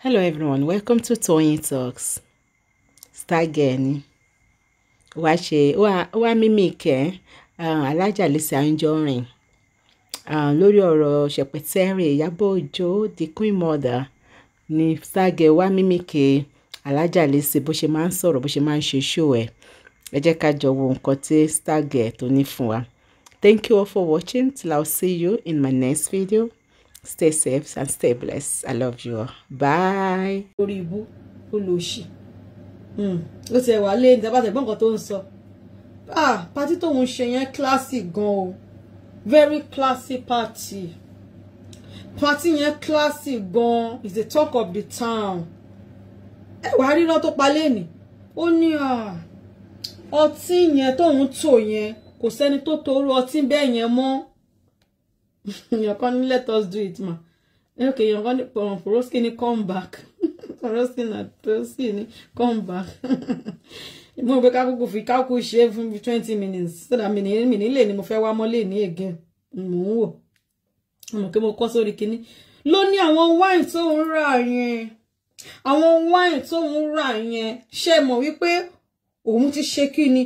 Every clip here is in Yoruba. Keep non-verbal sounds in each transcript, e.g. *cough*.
Hello everyone, welcome to Tony Talks. Star girl ni. Wá ṣe wá mímì kẹ́ um, Alájà Lizzy Anjorin um, lórí ọ̀rọ̀ ṣẹ̀pẹ̀tẹ́rìn Ìyábọ̀ Òjó the queen mother ni Star girl wá mímì kẹ́ Alájà Lizzy bó ṣe máa ń sọ̀rọ̀ bó ṣe máa show ẹ̀. Ẹ jẹ́ ká jọ wo nǹkan tí Thank you all for watching till I see you in my next video stay safe and stay blessed i love you all bye. lórí ibú ó lọ sí hmm. ó ti ẹwà lé níta bá tẹ̀gbọ́n kan tó ń sọ ah, pátí tóun ṣe yẹn kíláàsì gan o very classy party pátí yẹn kíláàsì gan is the talk of the town ẹwà rírọ tó pa lẹ́nìí ó ní ah, ọtí yẹn tóun tò yẹn kò sẹ́ni tó torú ọtí bẹ́ẹ̀ yẹn mọ́ èèyàn kan let us do it ma Okay, ok èèyàn kan ní pọ̀rọ̀fọ̀rọ̀sì ní come back pọ̀rọ̀sì náà tó sì ní come back *laughs* mo rò pé kákùkù fi kákù ṣe fún mi twenty minutes so that mi ní mi nílé ni mo fẹ́ wá mọ́lé ní again mò ń wò mo kí mo kọ́ sórí kinní ló ní àwọn wáìn tó ń rà yẹn àwọn wáìn tó ń rà yẹn ṣe mọ̀ wípé òun ti ṣe kí ni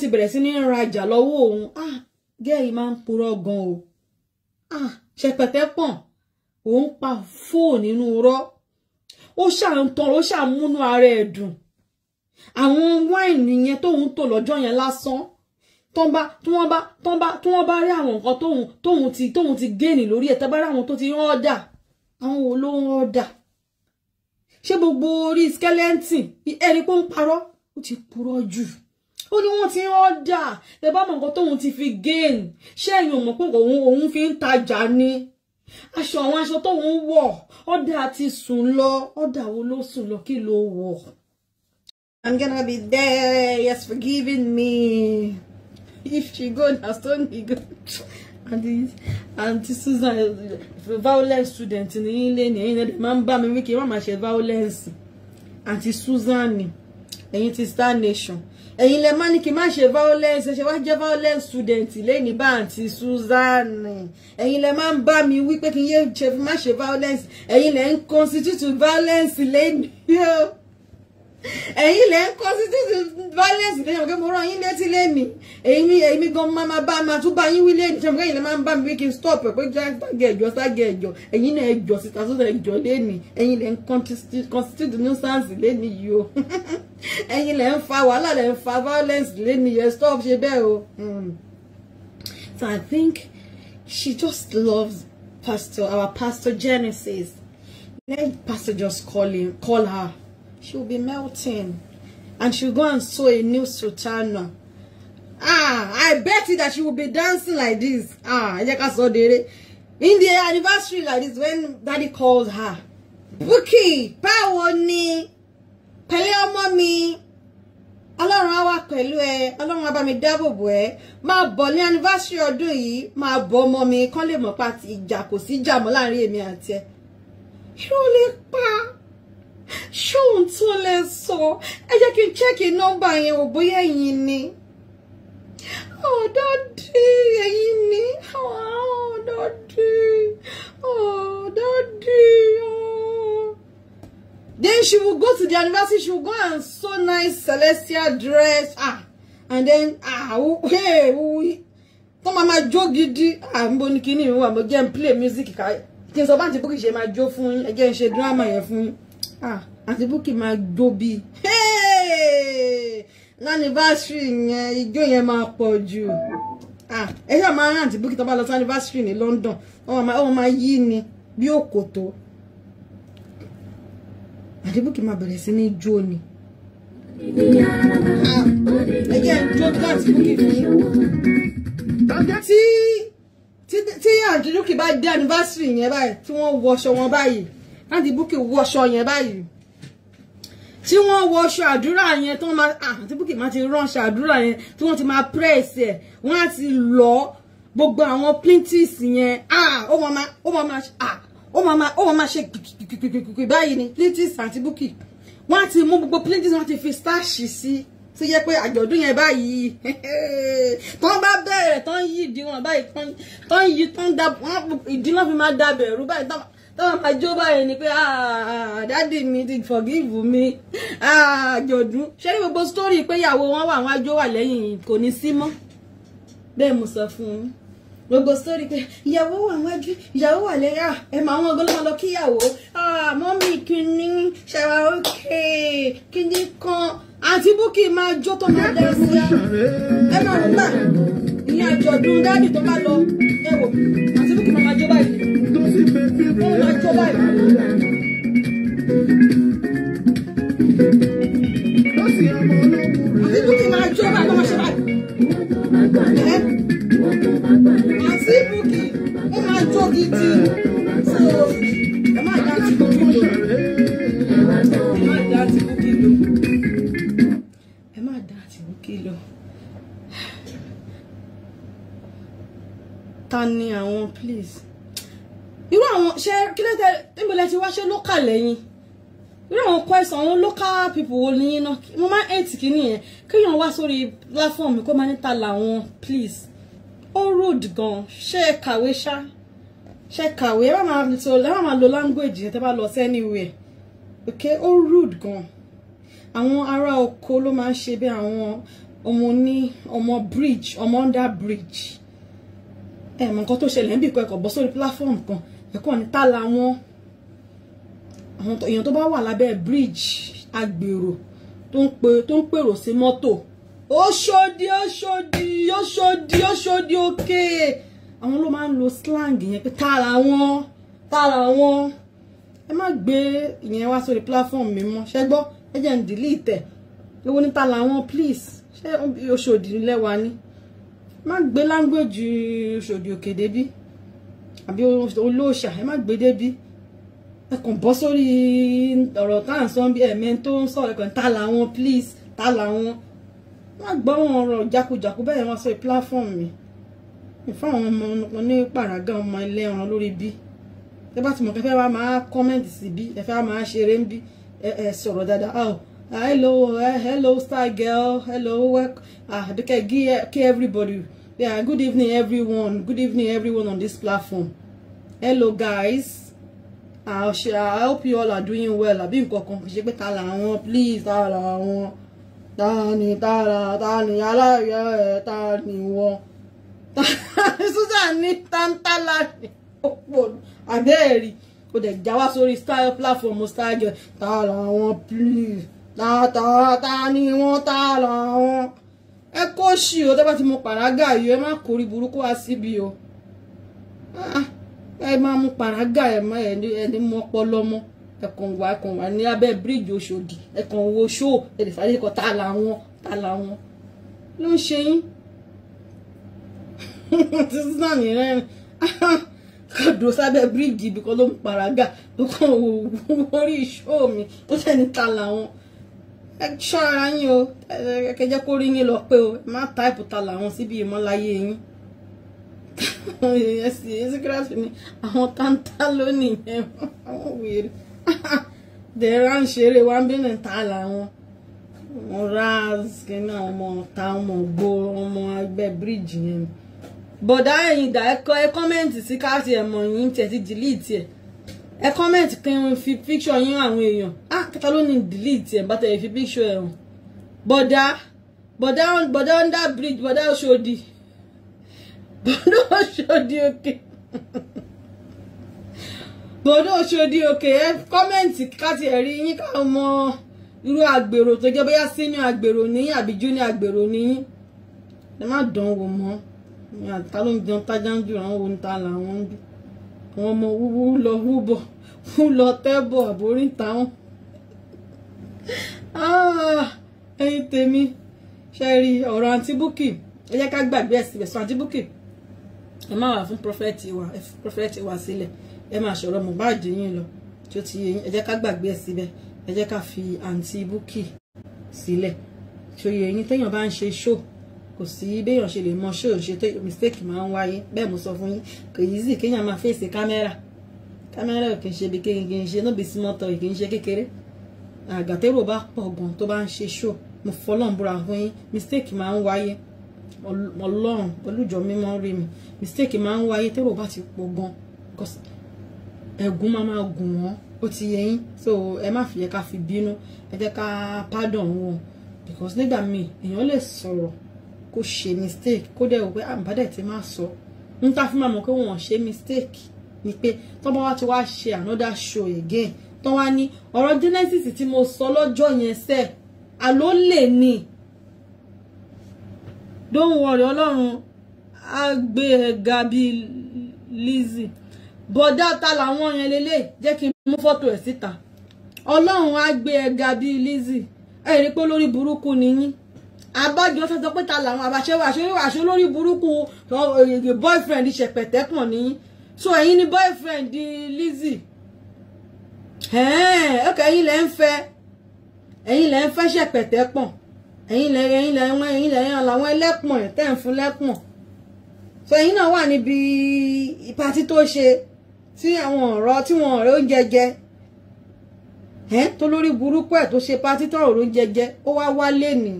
ti bẹ̀rẹ̀ sí ní rajà lọ́wọ́ òun ah gẹ́ẹ̀ yìí máa ń purọ́ gan o Ah, ṣẹpẹtẹ pọ̀n òun pa fóò nínú rọ́ ó ṣáà ń tọrọ ó ṣáà múnú ara ẹ̀ dùn àwọn wáìnì yẹn tóun tò lọ́jọ́ yẹn lásán tọ́n bá tí wọ́n bá tọ́n bá tí wọ́n bá rí àwọn nǹkan tóun tóun ti tóun ti géènì lórí ẹ̀ tẹ́bá rí àwọn tó ti ń ọ̀dà àwọn wo ló ń ọ̀dà ṣé gbogbo orí skeleton ẹni pé ń parọ́ ó ti purọ́ jù ó ní wọ́n ti ń ọ́dà tẹ bá mọ̀ nǹkan tóun ti fi gain ṣé ò mọ̀ pé òun òun fi ń tajà ni aṣọ àwọn aṣọ tóun wọ̀ ọ́dà ti sùn lọ ọ́dà wo ló sùn lọ kí ló wọ̀. I'm gonna be there yes forgiving me if she go na stone me go and aunty Susan violent student ní ilé ní ẹ̀yin ẹ̀dẹ̀ máa ń bá mi wí kí n má máa ṣe violence aunty Susan ẹ̀yin ti Star Nation ẹ̀yin lẹ má ní kí n má ṣe violence ẹ ṣe wá jẹ́ violence student lẹ́ni bá àǹtí Susan ẹ̀yin lẹ má ń bá mi wí pé kí n yé ṣe má ṣe violence ẹ̀yin lẹ ń constitute violence lẹ́ni o. *laughs* ẹ̀yin lẹ ń constitute violence ní ṣàmùkẹ́ mo rán yín létí lẹ́nìí èmi èmi gan máma bá máa tún bá yín wí lẹ́nìí ṣàmùkẹ́ yìí lẹ máa ń bá mi pé kí n stop ẹ̀ pé ságẹ̀ ẹ̀jọ̀ ságẹ̀ ẹ̀jọ̀ ẹ̀yin náà ẹ̀jọ̀ síta sódà ẹ̀jọ̀ lẹ́nìí ẹ̀yin lẹ ń constitute nuisance lẹ́nìí yìí o *laughs* ẹ̀yin lẹ ń fa wàhálà lẹ ń fa violence lẹ́nìí yẹn stop ṣe bẹ́ẹ̀ o. Hmm. So I think she just loves pastor our pastor Genesis let pastor just call him call her she'll be melting. And she'll go and sew a new sultana. Ah, I bet you that she will be dancing like this. Ah, I just saw the in the anniversary like this when daddy calls her. Buki, pawoni, ni, mommy. ọmọ mi, ọlọ́run á wà pẹ̀lú mi dáàbò bò ẹ́ máa bọ̀ anniversary ọdún yìí máa bọ̀ ọmọ mi kán lè mọ̀ pa ìjà kò sí ìjà mọ́ láàrin èmi àti ẹ pa ṣóun tó lẹ sọ ẹ jẹ́ kí n chẹ́kì nọ́mbà yẹn ò bóyá ẹ̀yin ni oh daddy ẹ̀yin ni oh, oh daddy oh daddy oh. then she will go to the anniversary she will go and sew nice celestial dress ah and then ah hey tó máa máa jó gidi ah n bo ni kinní mi wà mo jẹ́ n play music ká kí n sọ bá ti bókì ṣe máa jó fún ẹ jẹ́ n ṣe drama yẹn fún ah àti Bukky máa jó bí lánìbásírì yẹn ijó yẹn máa pọ̀ jù ah ẹ ṣáà máa rán àti Bukky tó bá lọ sí lánìbásírì ní London ọmọ máa yí ni bí òkòtó àti Bukky máa bẹ̀rẹ̀ sí ní jó ni ah, ẹ jẹ́ jó láti Bukky fún tí tí àti Bukky bá dé anniversary yẹn báyìí tí wọ́n wọṣọ wọn báyìí láti Bukky wọṣọ yẹn báyìí tí wọ́n wọṣọ àdúrà yẹn tí wọ́n máa ah, àti Bukky máa ti ránṣọ àdúrà yẹn tí wọ́n ti máa press ẹ̀ wọ́n á ti lọ gbogbo àwọn plaintiffs yẹn ah, ó máa máa ah, ó máa máa ó máa máa ṣe kìkìkìkìkì báyìí ni plaintiffs àti Bukky wọ́n á ti mú gbogbo plaintiffs wọ́n ti fi starch sí tó yẹ pé àjọ̀dún yẹn báyìí *laughs* tán bá bẹ̀rẹ̀ tán yí ìdí wọn báyìí tán yí tán dá ìdí náà fi máa dá báyìí tán tó máa jó báyìí ni pé ah, ah, ah, dáàdì mi ti forgive mi àjọ̀dún ṣé ní gbogbo story pé ìyàwó wọn wà wọn ajó wà lẹ́yìn kò ní sí mọ́ bẹ́ẹ̀ mo sọ fún un gbogbo sórí pé ìyàwó wà wájú ìyàwó wà lẹ́yà ẹ máa wọn ọgọ́lọ́mọ lọ kíyàwó mọ́mí kìíní ṣẹ̀wá òkè kìíní kan àǹtí búkì máa jó tó máa dá sí i ẹ máa wọ́n gbà ìyẹn àjọ̀dún tó bá lọ ẹ wò ikú máa jó báyìí. àti ikú máa jó báyìí lọ́wọ́ ṣe báyìí. àti ibùkún ó please àwọn ṣe kí ló tẹ níbo lẹ wá ṣe local lẹ́yìn irú àwọn question àwọn local people wo ni yín náà mo máa ń hate kínní yẹn kéèyàn wá sórí platform mi kó máa níta làwọn please ó rude gan ṣe é kàwé ṣá ṣe é kàwé ẹ bá máa lo ẹ bá máa lo language yẹn tẹ bá lọ sí anywhere ok ó rude gan àwọn ará oko ló máa ń ṣe bí àwọn ọmọ ní ọmọ bridge ọmọ under bridge ẹ mọ nǹkan tó ṣẹlẹ̀ ń bì kọ́ ẹ̀kọ́ bọ́ sórí platform kan ẹ̀kọ́ ní ta làwọn àwọn èèyàn tó bá wà lábẹ́ bridge agbèrò tó ń pe tó ń pèrò sí mọ́tò Òṣòdì Òṣòdì Òṣòdì Òṣòdì òkè àwọn ló máa ń lo slang yẹn pé ta làwọn ta làwọn ẹ má gbé ìyẹn wá sórí platform mi mọ́ ṣẹ́gbọ́ ẹ jẹ́ ń delete ẹ̀ ewu ní ta làwọn please ṣé Òṣòdì lẹ́wà ni má gbé language Òṣòdì òkè débí àbí olóòṣà ẹ má gbé débi ẹ kàn bọ́ sórí ọ̀rọ̀ tá à ń sọ bí ẹ̀mí tó ń sọ̀rọ̀ ẹ̀kọ́ ta làwọn please ta làwọn wọ́n gbọ́ wọn ọ̀rọ̀ jákujàku bẹ́ẹ̀ wọ́n sọ platform mi ìfọ̀n àwọn ọmọ ní pàràgà ọmọ ilé lórí bí ẹ bá ti mọ̀ kẹfẹ́ wa máa kọ́mẹ́ǹtì sí bí ẹ wa máa ṣeré ń bí ẹ sọ̀rọ̀ dáadáa oh ah, hello eh, hello star girl hello ah, àbíkẹ́ kí everybody yeah, good evening everyone good evening everyone on this platform hello guys I hope you all are doing well I've been kan kì í ṣe pé ta là wọn please ta là wọn ta ni ta là ta ni aláyọ̀ ẹ̀ ta ni wọn Susan ní tántálà ni ó pọ̀ àbẹ́ẹ̀rí kò dẹ̀ já wá sórí style platform style girl ta là wọn please ta ta ta ni wọn ta là wọn ẹ kó ṣì o tẹ́ bá ti mọ pàrágà yìí ẹ má kórí burúkú wá síbi o. Ah ẹ máa mú paraga ẹ má ẹni mú ọpọlọ mọ ẹkàn wà ẹkàn wà ní abẹ́ bíríìjì Ọ̀ṣọ́dì ẹkàn wo ṣó ẹdìfàdé kan tá làwọn tá làwọn ló ń ṣe yín *laughs* títí náà nìyẹn kan *laughs* dúró sábẹ́ bíríìjì ibi kan ló ń paraga ló kàn wò wórí *laughs* ìṣó mi ó sì ń ta làwọn ẹ ṣọ́ ara yín o ẹ kẹjẹ kó rí yín lọ pé o ẹ má táìpù ta làwọn síbi ìmọ̀láyé yín. Yes, sì yé síkírásì ni àwọn táńtá lónìí yẹn àwọn wèrè dẹ̀ra ń ṣeré wá bí ní ta làwọn wọn raz kíní ọmọ ta ọmọ gbó ọmọ bridge. bíríìjì yẹn I ẹ̀yìn dà comment. kọ́ ẹ kọ́mẹ́ǹtì sí káàsì ẹ̀mọ̀ yìí tiẹ̀ ti dìlíìtì ẹ̀ ẹ kọ́mẹ̀ntì kí n fi píkṣọ yín àwọn èèyàn á kẹta ló ní delete ẹ̀ bàtà ẹ̀ that píkṣọ ẹ̀ hàn bọ̀dá bọ̀dá bọ̀dá under bridge bọ̀dá Bọ̀dọ̀ Ṣodioke Bọ̀dọ̀ Ṣodioke ẹ kọ́mẹ̀ntì káti ẹ̀rí yín ká mọ irú àgbèrò tó jẹ́ bóyá senior àgbèrò níyìn àbí junior àgbèrò níyìn ẹ má dán wò mọ́ ta ló ń jẹun tájá ń jù àwọn ohun ta làwọn ń bí àwọn ọmọ wúwú lọ wúbọ̀ wú lọ tẹ́bọ̀ àbórí táwọn ah, ẹ̀yin tèmi ṣe rí ọ̀rọ̀ àǹtí búkì ẹ jẹ́ ká gbàgbé ẹ̀sìn ẹ̀sùn àǹtí búkì ẹ má wà fún prọfẹ̀tì wa ẹ fi prọfẹ̀tì wa sílẹ̀ ẹ máa sọ̀rọ̀ Mohbad yín lọ tí ó ti yé yín ẹ jẹ́ ká gbàgbé ẹ̀ síbẹ̀ ẹ jẹ́ ká fi àǹtí Bukky sílẹ̀ tí ó yé yín téèyàn bá ń ṣe ṣó kò sí béèyàn ṣe lè mọ ṣó ṣe tó mistake máa ń wáyé bẹ́ẹ̀ mo sọ fún yín kò sì kéèyàn máa fèsì kámẹ́rà kámẹ́rà kì í ṣe bí kéèyàn kì í ṣe níbi símọ́tọ̀ kì í ṣe kékeré àgàtẹ́rò bá pọ̀ gan tó bá ń ṣe ṣó mo fọlọ́ǹbúra ọlọ́run pẹ̀lú ìjọ mímọ́ rí mi mistake máa ń wáyé tẹ́rọ bá ti pọ̀ gan because ẹ̀gún máa máa gùn wọ́n ó ti yẹ yín so ẹ má fi yẹ ká fi bínú ẹ jẹ́ ká pardon wọn because nígbà míì èèyàn lè sọ̀rọ̀ kó ṣe mistake kó dẹ̀ wò pé ah, àbádẹ̀ ti máa sọ ń tá fi máa mọ̀ pé wọ́n ṣe mistake ni pé tọ́ba wa ti wá ṣe another show again tán wá ní ọ̀rọ̀ genesis tí mo sọ lọ́jọ́ yẹn sẹ́ẹ̀ àló lè ní don't worry ọlọ́run á gbé ẹ e ga bí Lizzy bọ̀dá ta làwọn yẹn lélẹ̀ jẹ́ kí n mú fọ́tò ẹ̀ síta ọlọ́run á e ga bí Lizzy ẹ rí pé lórí burúkú ni yín abájọ fẹ́ sọ pé ta làwọn àbàṣẹ àṣẹ lórí burúkú boyfriend ṣẹpẹ̀tẹ́ pọ̀ ni so ẹ̀yin ni boyfriend Lizzy ẹ̀ẹ́n ọkọ̀ ẹ̀yin lẹ́ ń fẹ́ ẹ̀yin lẹ́ ń fẹ́ ṣẹpẹ̀tẹ́ ẹ̀yin lẹ ẹ̀yin lẹ wọn ẹ̀yin lẹ làwọn ẹlẹ́pọ̀n ẹ̀ tẹ́ ń fún lẹ́pọ̀n so ẹ̀yin náà wà níbi pátì tó ṣe tí àwọn ọ̀rọ̀ tí wọn ọ̀rẹ́ oúnjẹ jẹ ẹ̀ tó lórí burúkú ẹ̀ tó ṣe pátì tó ọ̀rọ̀ oúnjẹ jẹ ó wá wálé ni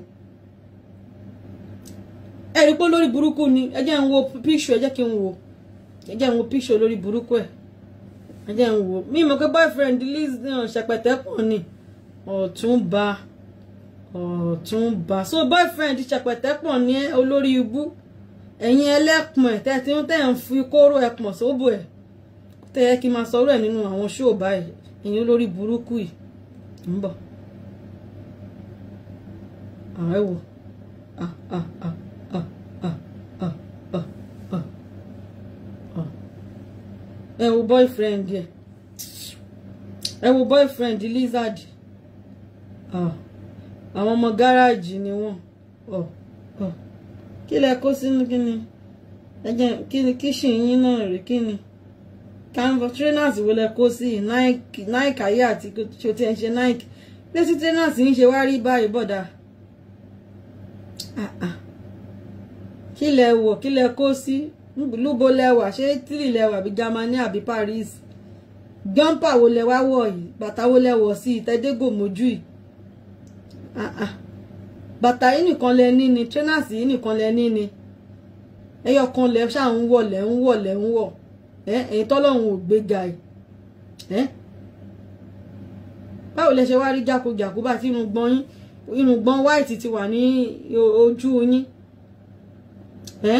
ẹ rí pé lórí burúkú ni ẹ jẹ́ ń wo píṣù ẹ jẹ́ kí n wo ẹ jẹ́ ń wo píṣù lórí burúkú ẹ̀ ẹ jẹ́ ń wo mi mọ̀ pé boyfriend Lizzy ṣẹpẹtẹ pọ̀ ni Ọ̀túnba. Oh, Ọ̀túnba so boyfriend ṣẹpẹtẹ pọ̀ ní olórí ibú ẹ̀yin ẹlẹ́pọ̀n ẹ̀ tẹ́ ti ń tẹ̀ ń fi kóró ẹ̀pọ̀n sóbò ẹ̀ tẹ́ ẹ kí n máa sọ̀rọ̀ ẹ̀ nínú àwọn ṣóò báyìí ẹ̀yin olórí burúkú yìí ń bọ̀ àwọn ẹ̀wò ẹ wo boyfriend yẹ ẹ wo boyfriend lizard. Ah àwọn ọmọ gáràjì ni wọ́n ọ ọ kí lẹ kó sínú kí ni ẹjẹ kí ni kíṣìn yín náà rèé kí ni canvas trainers wo lẹ kó sí nike nike ayé àti ṣo tí ẹ ṣe nike pé tí trainers ń ṣe wá rí báyìí bọ̀dà ah, ah. kí lẹ wọ̀ kí lẹ kó sí lúbo lẹwà ṣé tírì lẹwà àbí Germany àbí Paris gánpà wo lẹ wá wọ̀ yìí bàtà wo lẹ wọ̀ sí ìtẹ́dẹ́gò mójú yìí Ah, ah. bàtà yìí nìkan lẹ ní ni trainers yìí nìkan lẹ ní ni ẹyọ kan lẹ ṣáà ń wọ̀ lẹ ń wọ̀ lẹ ń wọ̀ ẹ ẹ̀yin tọ́lọ́run ò gbéga ẹ báwo lẹ ṣe wá rí jákujàku bá tí irun gbọ́n yín irun gbọ́n white ti wà ní ojú yín ẹ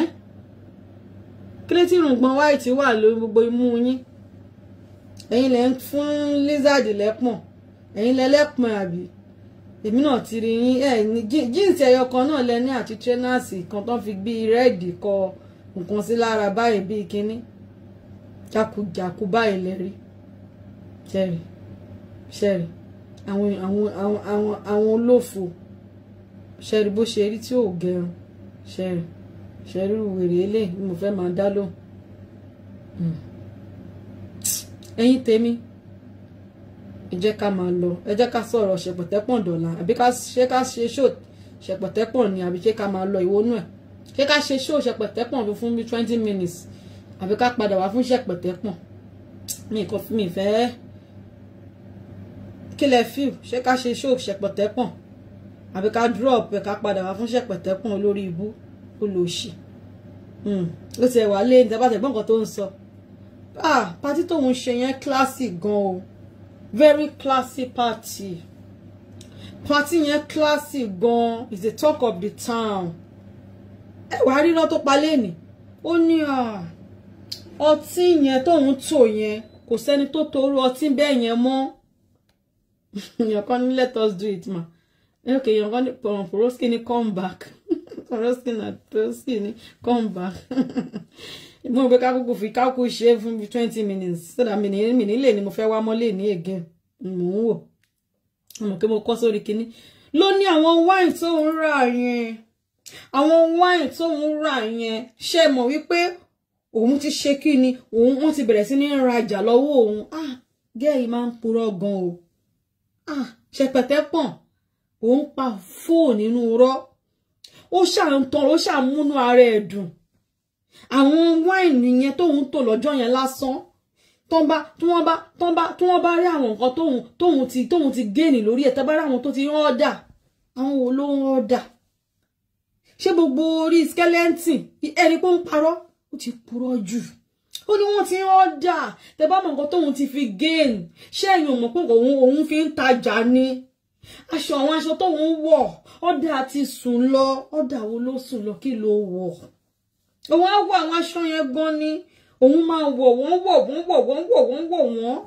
kí ló tí irun gbọ́n white wà lórí gbogbo imú yín ẹ̀yin lẹ ń fún lizard lẹ́pọ̀n ẹ̀yin lẹ lẹ́pọ̀n àbí èmi náà ti rí yín ẹ ní jíǹsì ẹyọ kan náà lẹni àti tírẹ́nàsì kan tó fi gbé rẹ́ẹ̀dì kọ nǹkan sí lára báyìí bíi kínní jákujàku báyìí lẹ́rí ṣẹ́rì ṣẹ́rì àwọn àwọn àwọn àwọn àwọn olófo ṣẹ́rì bó ṣe rí tí ò gẹrun ṣẹ́rì ṣẹ́rì wèrè eléyìí mo fẹ́ máa dá lóhùn hmm. ẹ̀yin tèmi ẹ jẹ́ ká máa lọ ẹ jẹ́ ká sọ̀rọ̀ ṣẹ̀pọ̀tẹ́pọ̀n dọ̀la àbí ṣé ká ṣe ṣó ṣẹ̀pọ̀tẹ́pọ̀n ni àbí ṣé ká máa lọ ìwónú ẹ̀ ṣé ká ṣe ṣó ṣẹ̀pọ̀tẹ́pọ̀n fún bí twenty minutes àbí ká padà wá fún ṣẹ̀pọ̀tẹ́pọ̀n mi kò mi fẹ́ kí lẹ fíw ṣé ká ṣe ṣó ṣẹ̀pọ̀tẹ́pọ̀n àbí ká drop ẹ̀ ká padà wá fún ṣẹ̀pọ̀tẹ́pọ̀n olórí ibú olóṣì hmm, ó ti ẹ̀ wá lé ní tẹ́bàtẹ̀ gbọ́n nǹkan tó ń sọ ah, pátí tóun ṣe yẹn kíláàsì gan o very classy party party yẹn classy gan is the talk of the town ẹ wàá rí iná tó pa lẹ́nìí ó ní ọtí yẹn tóun tò yẹn kò sẹ́ni tó torú ọtí bẹ́ẹ̀ yẹn mọ́ *laughs* èèyàn kan ní let us do it ma okay èèyàn kan ní Poroski ní come back *laughs* Poroski na Poroski ní come back. *laughs* mo be pé kákókò fi kákó ṣe fún mi twenty minutes so that mi ní lè ní mo fẹ́ wá mọ́lé ni again Mo ń mo kí mo kọ́ sórí kinní ló ní àwọn wine tó ń rà yẹn wine tó ń rà yẹn ṣe mọ̀ wípé òun ti ṣe kí ni òun wọ́n ti bẹ̀rẹ̀ sí ní rajà lọ́wọ́ òun ah gẹ́ẹ̀ máa ń purọ́ gan o ah ṣẹpẹtẹ pọ̀n òun pa fóònù nínú rọ́ ó ṣàǹtàn ó ṣàmúnú ara ẹ̀ dùn àwọn wáìnì yẹn tóun tò lọ́jọ́ yẹn lásán tọ́n bá tí wọ́n bá tọ́n bá tí wọ́n bá rí àwọn nǹkan tóun tóun ti tóun ti géènì lórí ẹ̀ tẹ́bá rí àwọn tó ti ọ̀dà àwọn wo ló ń ọ̀dà ṣé gbogbo orí skeleton ẹni pé ó ń parọ́ ó ti purọ́ jù ó ní wọ́n ti ń ọ̀dà tẹ́bá mọ̀ nǹkan tóun ti fi géènì ṣé ẹ̀yin ò mọ̀ pé òun òun fi ń tajà ni aṣọ àwọn aṣọ tóun wọ̀ ọ̀dà ti sùn lọ ọ̀dà wo ló sùn lọ kí ló wọ̀ òun á wọ àwọn aṣọ yẹn gan ni òun máa wọ wọ́n wọ wọ́n wọ wọ́n wọ wọ́n wọ wọ́n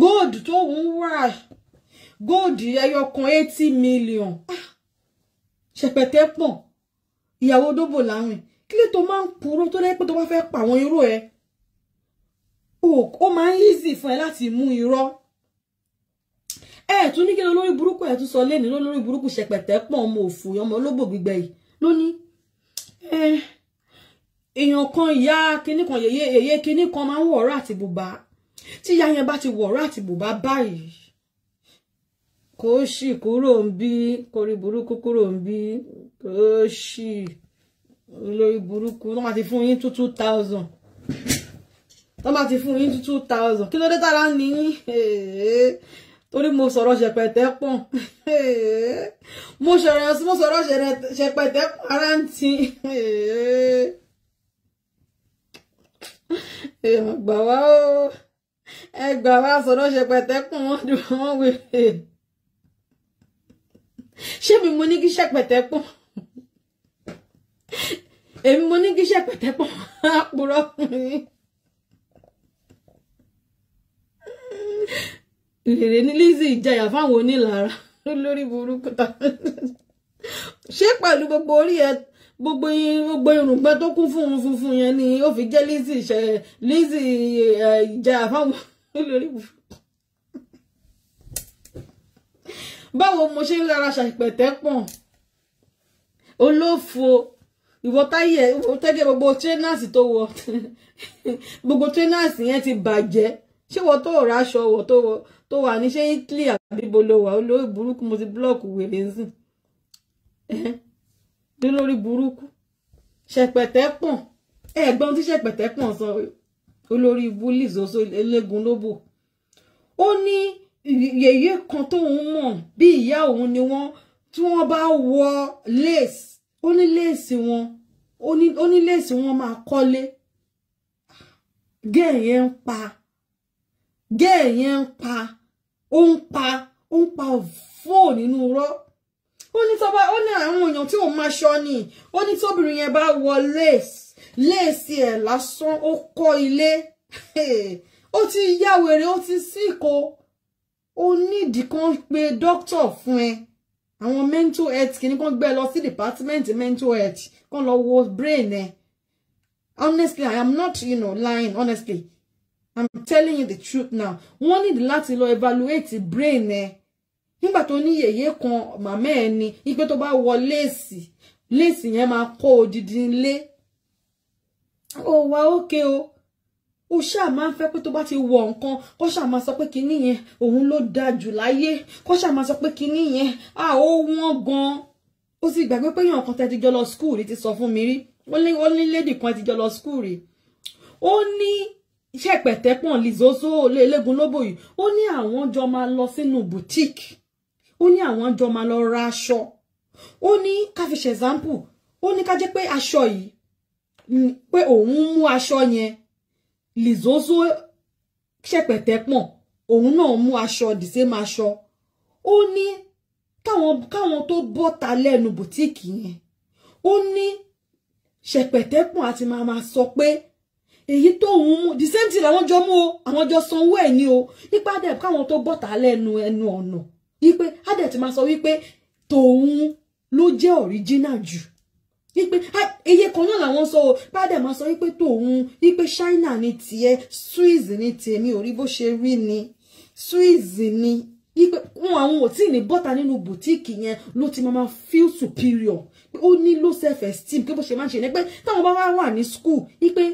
Gold, tó ń wà góòdù ẹyọ eighty million ṣẹpẹtẹ pọ̀ ìyàwó dóbò láwìn kí lè tó máa ń purọ́ tó dẹ́ pé tó bá fẹ́ pa àwọn irú ẹ̀ ó máa ń easy fún ẹ láti mú irọ́ ẹ tún ní kí lórí burúkú ẹ tún sọ lẹ́nu lórí burúkú ṣẹpẹtẹ pọ̀ ọmọ òfò ọmọ olóbò gbígbẹ yìí lónìí èèyàn kan ìyá kinní kan yèyé yèyé kinní kan máa ń wọ̀ àti bùbá tí ìyá yẹn bá ti wọ̀ ọ̀rá àti bùbá báyìí kò sì kúrò ń bí korí burúkú kúrò ń bí kò sì lórí burúkú wọ́n ti fún yín two two thousand wọ́n máa ti fún yín two two thousand kí ló dé tára ní torí mo sọ̀rọ̀ ṣẹ̀pẹ̀tẹ̀ pọ̀n mo sọ̀rọ̀ ṣẹ̀pẹ̀tẹ̀ pọ̀n ara ń tin èèyàn gbà wá o ẹ gbà wá sọ̀rọ̀ ṣe pẹ̀tẹ́kùn wọn dùn wọn wèrè ṣé mi mo ní kí ṣẹ̀pẹ̀tẹ́kùn èmi mo ní kí ṣẹ̀pẹ̀tẹ́kùn àpòrọ̀ ọkùnrin. lèrè ní Lizzy ìjayà fáwọn onílara lórí burúkú ta ṣé pẹ̀lú gbogbo orí ẹ gbogbo gbogbo irùngbẹ tó kún fún un funfun yẹn ni ó fi jẹ́ Lizzy ṣe Lizzy ìjà fáwọn olórí ìbùfún báwo mo ṣe ń rárá ṣàpẹ̀tẹ́ pọ̀n olófo ìwọ táyé ìwọ tẹgẹ gbogbo trainers tó wọ *laughs* gbogbo trainers yẹn ti bàjẹ́ ṣé wọ́n tó rà aṣọ wọ̀ tó wọ̀ tó wà ní ṣé Italy àbíbo ló wà olórí burúkú mo ti búlọ̀kù wèrè ń sìn dé lórí burúkú ṣẹpẹtẹ pọ̀n ẹ̀gbọ́n tí ṣẹpẹtẹ pọ̀n sọ olórí ibú lizoso eléegun lóbò ó ní yèyé kan tóun mọ̀ bí ìyá òun ni wọ́n tí wọ́n bá wọ lace ó ní léèsì wọn ó ní léèsì wọn máa kọ́lé gẹ́ẹ̀yẹn ń pa gẹ́ẹ̀yẹn ń pa ó ń pa ó ń pa fóò nínú rọ́ọ̀ ó ní tọ́ba ó ní àwọn èèyàn tí òun máa ṣọ ni ó ní tóbìnrin yẹn bá wọ lace lace ẹ̀ lásán ó kọ́ ilé ó ti yá wèrè ó ti síko ó nídìí kan pé dókítà fún ẹ àwọn mental health kìíní kan gbé lọ sí department mental health kan lọ wo brain ẹ honestly i am not you know, lying honestly i'm telling you the truth now wọ́n nídìí láti lọ evaluate brain ẹ. Eh nígbà tó ní yèyé kan màmá ẹ ni ipe tó bá wọ léèsì léèsì yẹn máa kó odidi lé ó wá ókè o ó ṣáà máa ń fẹ́ pé tó bá ti wọ nǹkan kó ṣáà máa sọ pé kinní yẹn òun ló dáa jù láyé kó ṣáà máa sọ pé kinní yẹn a ó wọ́n gan-an ó sì gbàgbé pé èèyàn kan tẹ́ jọ lọ skul rí ti sọ fún mi rí ó ní ó ní lédì kan ti jọ lọ skul rí ó ní ṣẹ̀pẹ̀tẹ́pọ̀n lìzózó eléegun lóbòyí ó ní àwọn jọ máa lọ sínú boutique ó ní àwọn jọ máa lọ ra aṣọ ó ní ká fi ṣe example ó ní ká jẹ́ pé aṣọ yìí mm, pé òun mú aṣọ yẹn lìzózó ṣẹ̀pẹ̀tẹ̀ pọ̀n òun náà mú aṣọ the same aṣọ ó ní káwọn tó bọ́ta lẹ́nu bùtíìkì yẹn ó ní ṣẹ̀pẹ̀tẹ̀ pọ̀n àti máa máa sọ pé èyí tó òun mú the same thing làwọn jọ mú o àwọn jọ sanwó ẹ̀ ní o nípa dẹ̀ káwọn tó bọ́ta lẹ́nu ẹnu ọ̀nà wípé á dẹ̀ ti máa sọ wípé tòun ló jẹ́ original jù wípé eye kan náà làwọn sọ o bá dẹ̀ máa sọ wípé tòun wípé China ni tiẹ̀ Swiss ni tèmi ò rí bó ṣe rí ni Swiss ni wípé wọn àwọn ò tí ì ní bọ́ta nínú bùtíìkì yẹn ló ti máa feel superior pé ó ní low self esteem pé bó ṣe máa ń ṣe ni pé táwọn bá wá wà ní school wípé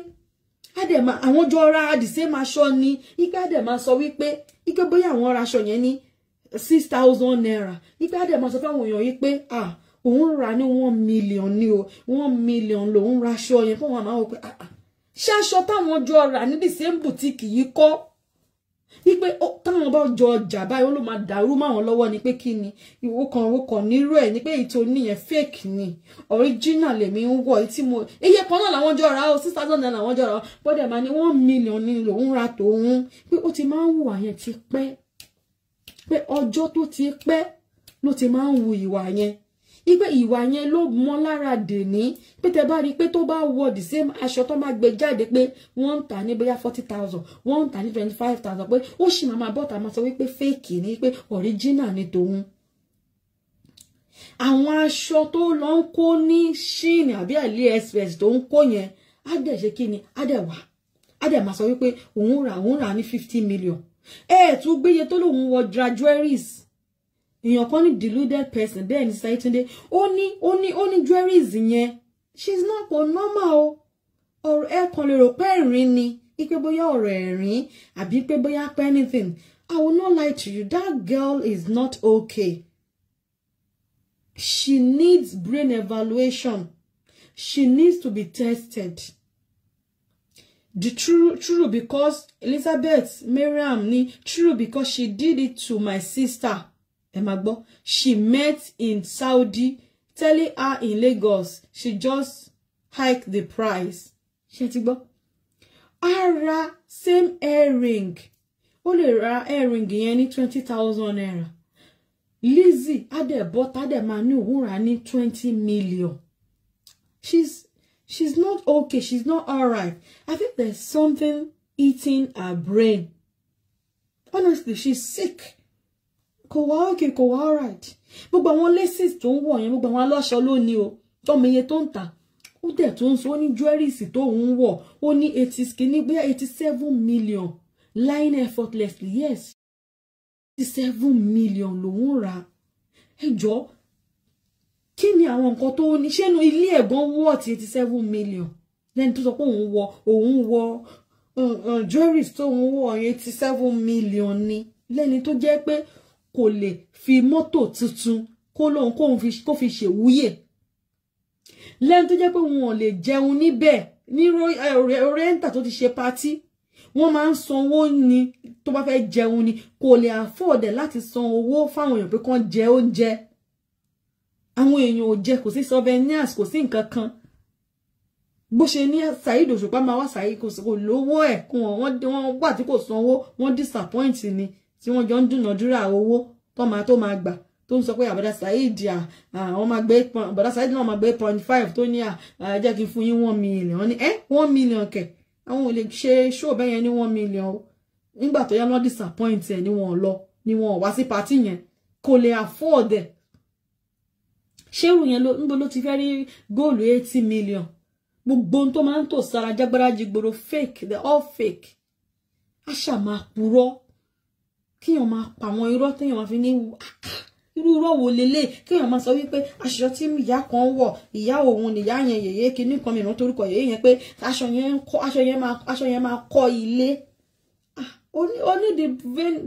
àdèmà àwọn jọ ra the same aṣọ ni wípé àdèmà sọ wípé wípé bóyá àwọn raṣọ yẹn ní six thousand naira nígbà dẹ̀ máa sọ fáwọn èèyàn yìí pé ah òun rà ní one million ni o one million lòun ra aṣọ yẹn fún àwọn àmọ́ pé ah ṣé aṣọ táwọn jọ rà níbi same boutique yìí kọ́ wípé táwọn bá jọ ọjà báyìí ó ló máa dàrú máwọn lọ́wọ́ ni pé kí ni ìwò kan ìwò kan nírú ẹ̀ ni pé èyí tó níyẹn fake ni original lèmi ń wọ̀ tí mo iye kan náà làwọn jọ ra o six thousand naira làwọn jọ ra o bọ́dẹ̀ máa ní one million ni lòun ra tòun pé ó ti máa ń wù àyẹn ti pẹ́ pé ọjọ́ tó ti pẹ́ ló ti máa ń wu ìwà yẹn ipe ìwà yẹn ló mọ lára dèní pé tẹ bá rí i pé tó bá wọ the same aṣọ tó máa gbé jáde pé wọ́n ń tà ní bóyá forty thousand wọ́n ń tà ní twenty five thousand pé ó sì máa máa bọ́ta máa sọ wípé fake ni pé original ni tòun àwọn aṣọ tó lọ ń kó ní ṣíìnì àbí AliExpress tó ń kó yẹn á dẹ̀ ṣe kí ni á dẹ̀ wà á dẹ̀ máa sọ wípé òun rà òun rà ní fifty million ẹ tún gbéye tó lòun wọ graduaries èèyàn kan ní deluded person bẹ́ẹ̀ ni Sàyítúndé ó ní ó ní ó ní jewelries yẹn she's not normal Or ọ̀rọ̀ ẹ kan lè rò pé ẹ̀rín ni ipe bóyá ọ̀rọ̀ ẹ̀rín àbí pé bóyá pé anything I will not lie to you that girl is not okay she needs brain evaluation she needs to be tested the true true because Elizabeth Mariam ni true because she did it to my sister Emagbo, she met in Saudi telling her in Lagos she just hike the price She ti gbọ́ a same earring ó lè ra earring yẹn ní twenty thousand naira Lizzy adebota ademanu wúra ní twenty million she's She's not okay. She's not all right. I think there's something eating her brain. Honestly, she's sick. Kò wá okay, kò wá all right. Gbogbo àwọn laces tó ń wọ̀ yẹn, gbogbo àwọn aláṣọ ló o. Tọ́mọ iye tó ń tà. Ó dẹ̀ tó ń sọ, ó jewelries tó ń wọ̀. Ó ní eighty skin ní bóyá eighty seven million. Lying effortlessly, yes. Eighty seven million lòún rà. Ẹ jọ̀ọ́ kí ni àwọn nǹkan tó ní ṣé nu ilé ẹ̀gbọ́n wọ́ ti eighty seven million lẹ́ni tó sọ pé òun wọ òun wọ uh, uh, jewelry tó òun wọ eighty seven million ni lẹ́ni tó jẹ́ pé kò lè fi mọ́tò tuntun kó lóun kóun kó fi ṣèwúyè lẹ́ni tó jẹ́ pé wọn ò lè jẹun níbẹ̀ ní eh, orienta tó ti ṣe patí wọ́n máa ń san owó ni tó bá fẹ́ jẹun ni kò lè afford láti san owó fáwọn èèyàn pé kán jẹ oúnjẹ àwọn èèyàn ò jẹ kò sí souvenirs kò sí nǹkan kan bó ṣe ní Saheed Òṣùpá máa wá Saheed kò lówó ẹ̀ kò wọ́n wọ́n wà tí kò sanwó wọ́n disappoint ni tí wọ́n jọ ń dúnàdúrà owó tó máa tó máa gbà tó ń sọ pé àbàdà Saheed à àwọn máa gbé àbàdà Saheed náà máa gbé point five tó ní à jẹ́ kí n fún yín one million wọ́n ní one million kẹ̀ àwọn ò lè ṣe show bẹ́ẹ̀ yẹn ní one million o nígbà tó yá wọ́n disappoint ẹ̀ ni wọ́n lọ ni wọ́n wá sí party yẹn kò lè afford ẹ̀ ṣérù yẹn ló níbo ló ti fẹ́ rí góòlù eighty million gbogbo ohun tó máa ń tò sára jágbára jìgboro fake they all fake a ṣà máa purọ́ kíyàn máa pa àwọn irọ́ téèyàn máa fi ní irú irọ́ wo lélẹ̀ kéèyàn máa sọ wípé aṣọ tí ìyá kan wọ̀ ìyá òun nìyá yẹn yèyé kinní kan mìíràn torúkọ yèyé yẹn pé aṣọ yẹn aṣọ yẹn máa kọ́ ilé ah, ó ní the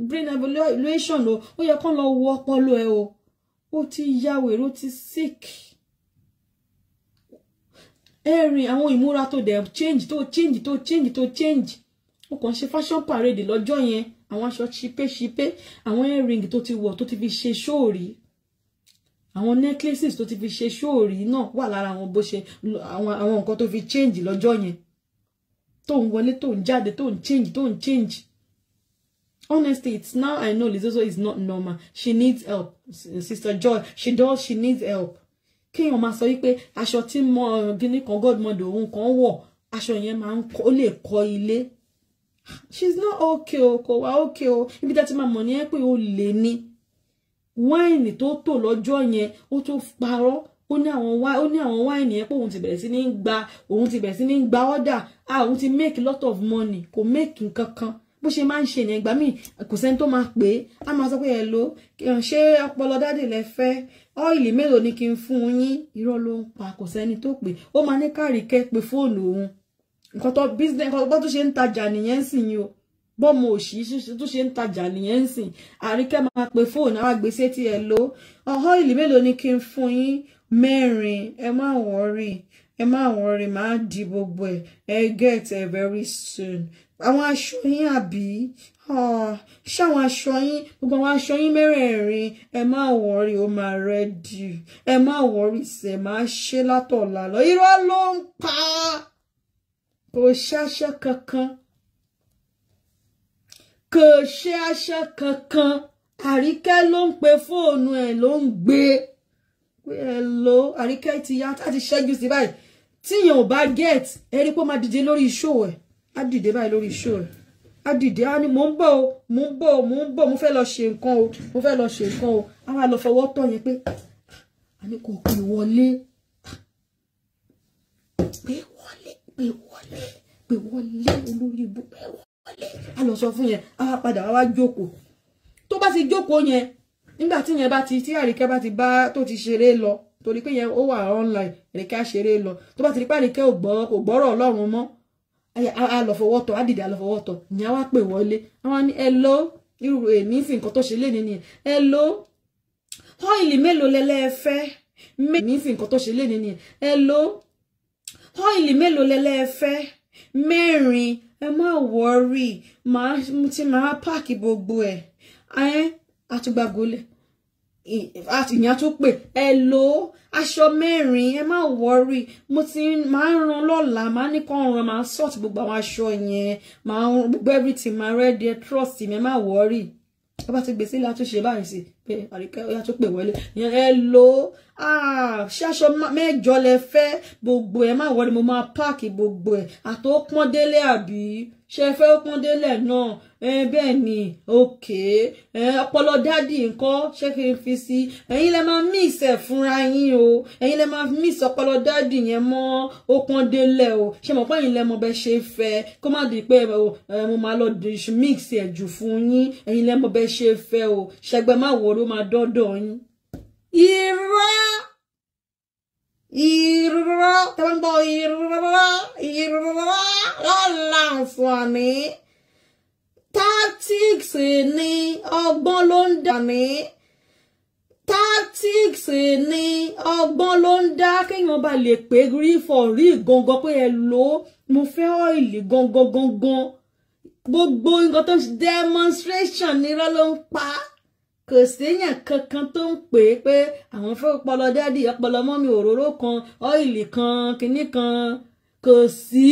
brain evaluation o ó yẹ kán lọ wo ọpọlọ ẹ o ó ti ya wèrè ó ti sick ẹ̀rìn àwọn ìmúra tó dẹ̀ change tó change tó change tó change ó kàn ṣe fashion parade lọ́jọ́ yẹn àwọn aṣọ ṣipéṣipé àwọn earring tó ti wọ̀ tó ti fi ṣe ṣóòrí àwọn necklaces tó ti fi ṣe ṣóòrí náà wà lára àwọn bó ṣe àwọn nǹkan tó fi change lọ́jọ́ yẹn tó ń wọlé tó ń jáde tó ń change tó ń change honestly it's now i know Lizzozo is not normal she needs help sister joy she does she needs help kéèyàn máa sọ wípé aṣọ tí mọ gíní kan godmother òun kan wọ̀ aṣọ yẹn máa ń kọ lè kọ ilé she's not okay o kò wá okay o ibi tá a ti máa mọ̀ ní ẹ pé ó lè ní wáìnì tó tò lọ́jọ́ yẹn ó tó parọ́ ó ní àwọn wá ó ní àwọn wáìnì yẹn pé òun ti bẹ̀rẹ̀ sí ní gba òun ti bẹ̀rẹ̀ sí ní gba ọ́dà ah òun ti make lot of money kò make nǹkan kan bó ṣe máa ń ṣe ní ìgbà míì kò sẹ́ni tó máa pè é á máa sọ pé ẹ lò ṣé ọpọlọ dáàdì lẹ fẹ́ ọ́ìlì mélòó ni kí n fún yín irọ́ ló ń pa kò sẹ́ni tó pè ó máa ní kárìkẹ́ pe fóònù òun nǹkan tó business nǹkan tó ṣe ń tajà nìyẹn sì ni o bọ́ọ̀mù òṣì tó ṣe ń tajà nìyẹn ń sìn àríkẹ́ máa pe fóònù àwọn àgbèsè tí ẹ lò ọ́ìlì mélòó ni kí n fún yín mẹ́rin ẹ má wọ́n rí ẹ má wọ́n rí màá di gbogbo ẹ̀ ẹ get ẹ very soon àwọn aṣọ yín àbí ṣáwọn aṣọ yín gbogbo àwọn aṣọ yín mẹ́rẹ̀ẹ̀rin ẹ má wọrí ó máa rẹ́dì ẹ má wọrí ṣe máa ṣe látọ̀la lọ irọ́ ló ń pa kò ṣaṣẹ́ kankan kò ṣe aṣẹ́ kankan àríkẹ́ ló ń pe fóònù ẹ̀ ló ń gbé pé ẹ lo àríkẹ́ ti yá láti ṣẹ́jú sí báyìí tíyàn ò bá get ẹ rí pé ó máa dìde lórí ìṣòwò ẹ̀ á dìde báyìí lórí show rẹ̀ á dìde á ní mò ń bọ̀ o mò ń bọ̀ o mò ń bọ̀ mo fẹ́ lọ ṣe nǹkan o mo fẹ́ lọ ṣe nǹkan o á máa lọ fọwọ́ tọ̀ yẹn pé àní kò pè wọlé pé wọlé pé wọlé pé wọlé olórí ibú pé wọlé á lọ sọ fún yẹn á wá padà wá jókòó tó bá ti jókòó yẹn nígbà tí yẹn bá ti tí àríkẹ́ bá ti bá tó ti ṣeré lọ torí pé yẹn ó wà online àríkẹ́ àṣeré lọ tó bá ti rí pé àríkẹ́ ò gbọ́rọ̀ ọlọ́run mọ́ àlọ́fọwọ́tò àdìdì àlọ́fọwọ́tò ìyá wa pè wọlé àwọn ní ẹ lọ irú èmi sì nǹkan tó ṣe lé nìyẹn ẹ lọ ọ́ìlì mélòó lẹ́lẹ́ẹ̀fẹ́ èmi sì nǹkan tó ṣe lé nìyẹn ẹ lọ ọ́ìlì mélòó lẹ́lẹ́ẹ̀fẹ́ mẹ́rin ẹ má wọ́ọ̀rì mo ti máa páàkì gbogbo ẹ̀ àtúgbàgolẹ̀ ìyẹn tó pè ẹ lò ó aṣọ mẹ́rin ẹ má wọrí mo ti máa ń ran lọ́la máa ní kàn ran máa sort gbogbo àwọn aṣọ yẹn máa gbogbo everything máa ready trust mi ẹ má wọrí ẹ bá ti gbèsè látúnṣe báyìí sí pé àríkẹ́ ó yá tó pè wọlé ẹ lò ó ṣaṣọ mẹ́jọ lẹ fẹ́ gbogbo ẹ má wọlé mo máa páàkì gbogbo ẹ àtó pọ́n délé àbí ṣe fẹ́ ó pọ́n délé náà bẹ́ẹ̀ ni òkè ọpọlọ dádì nǹkan ṣé kí n fi sí ẹ̀yin lẹ máa miss ẹ̀ fúnra yín o ẹ̀yin lẹ máa miss ọpọlọ dádì yẹn mọ́ ó pọ́n délé o ṣe mọ̀ pé ẹ̀yin lẹ mọ bẹ ṣe fẹ́ kó má di pé mo máa lọ mix ẹ̀ jù fún yín ẹ̀yin lẹ mọ bẹ ṣe fẹ́ o ṣẹgbẹ́ má wọ ló máa dọ́dọ̀ yín irọ́ irọ́ tó ń bọ̀ irọ́ irọ́ lọ́làǹfààní tactics ni ọgbọ́n ló ń dà ní tactics ni ọgbọ́n ló ń dá kéèyàn bá lè pé rí for rí gangan pé ẹ lò ó mo fẹ́ ọ́ìlì gangan gangan gbogbo nǹkan tó ṣe demonstration nírọ́ ló ń pa á kò séèyàn kankan tó ń pè é pé àwọn fẹ́ ọpọlọ dádì ọpọlọ mọ́mí òróró kan ọ́ìlì kan kinní kan kò sí